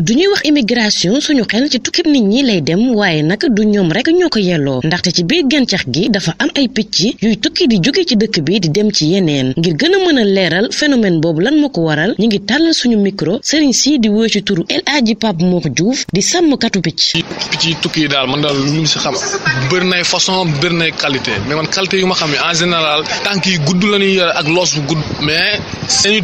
du ñuy wax immigration suñu xel ci tukkib nit ñi lay dem waaye nag du ñoom rek ñoo ko yelloo ndaxte ci biir gàncax gi dafa am ay picc yuy tukki di jóge ci dëkk bi di dem ci yeneen ngir gën a mën a leeral phénomène boobu lan ma ko waral ñu ngi tàllal suñu micro sëriñ si di wóo ci turu El Hadji Pape Mor Diouf di sàmmkatu picc. picc yi tukki yi daal man daal lu mu si xam bëri nay façon bëri nay qualité mais man qualité yu ma xam ne en général tànk yi gudd la ñuy ak loos bu gudd mais seen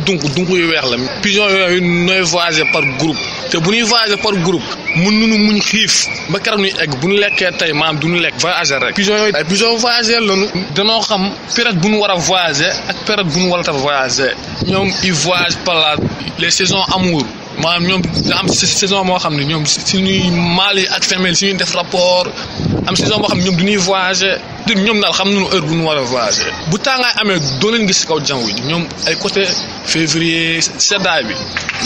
bu ñuy voyager par groupe mën nañu muñ xiif ba keroog ñuy egg bu ñu lekkee tey maam du ñu lekk voyager rek pigeon yooyu ay pigeon voyager lañu danoo xam période bu ñu war a voyager ak période bu ñu war a taf voyager ñoom ils voyagent par la les saisons amour maanaam ñoom da saison moo xam ne ñoom suñuy mâle yi ak femelle suñuy def rapport am saison moo xam ne ñoom du ñuy voyager te ñoom daal xam nañu heure bu ñu war a bu tàngaay amee doo leen gis si kaw jaww ji ñoom ay côté février seddaay bi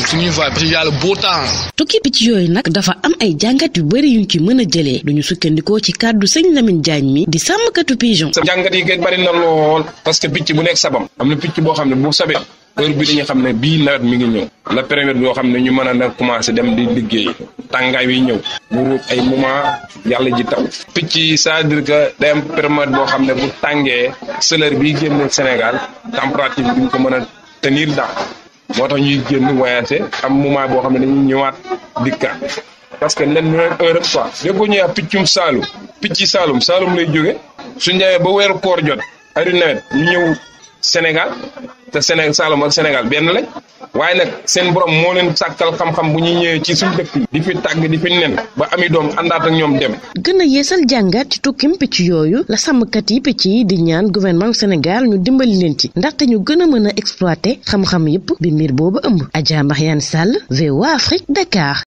suñuy voyage parce que yàlla boo temps. tukki picc yooyu nag dafa am ay jàngat yu yu ñu ci mën a jëlee ñu sukkandikoo ci kàddu sëñ Lamine Diagne mi di sàmmkatu pigeon. jàngat yi gën bari na lool parce que picc bu nekk sabam am na picc boo xam ne bu sabee heure bi dañu xam ne bii nawet mi ngi ñëw la période boo xam ne ñu mën a na commencé dem di liggéey tàngaay wi ñëw mu ruub ay moment yàlla ji taw picc yi c'est-à-dire que day boo xam ne bu tàngee chaleur bi génne Sénégal température bi ñu ko mën a tenir daal moo tax ñuy génn voyager am moment boo xam ne dañuy ñëwaat dikkaat parce que len ñooy heure quoi déggoo ñëwee ak piccum Saalum picc yi Saalum Saalum lay jóge su ñu ba weeru koor jot ari nawet ñu ñëw. Sénégal te Séné Saloum ak Sénégal benn lañ waaye nag seen borom moo leen sàkkal xam-xam bu ñu ñëwee ci suñu dëkk yi di fi tàgg di fi nen ba ami doom àndaat ak ñoom dem. gën a yeesal jàngat ci tukkim picc yooyu la sàmmkat yi picc yi di ñaan gouvernement Sénégal ñu dimbali leen ci ndaxte ñu gën a mën a exploiter xam-xam yëpp bi mbir boobu ëmb. Adja Mariane Sall VOA Afrique Dakar.